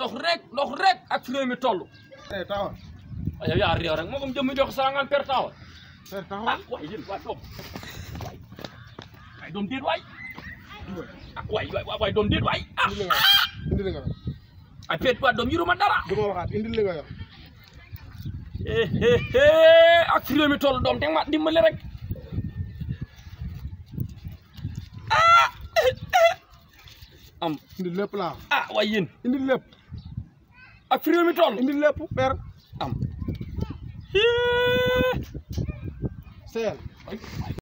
dox rek dox rek ak fi réew mi toll. tey eh, taxawal. yow yaa rek moo jëm jox saa per taxawal. per taxawal ah waaye yéen waay doom waay doom déet waay. ah waay waay waay doom déet waay. indi nga ay pet waa dara. indi li nga ak fi ma dimbali rek. am indi lépp laa ah waaye yéen indi lépp ak fi réew indi lépp per am seel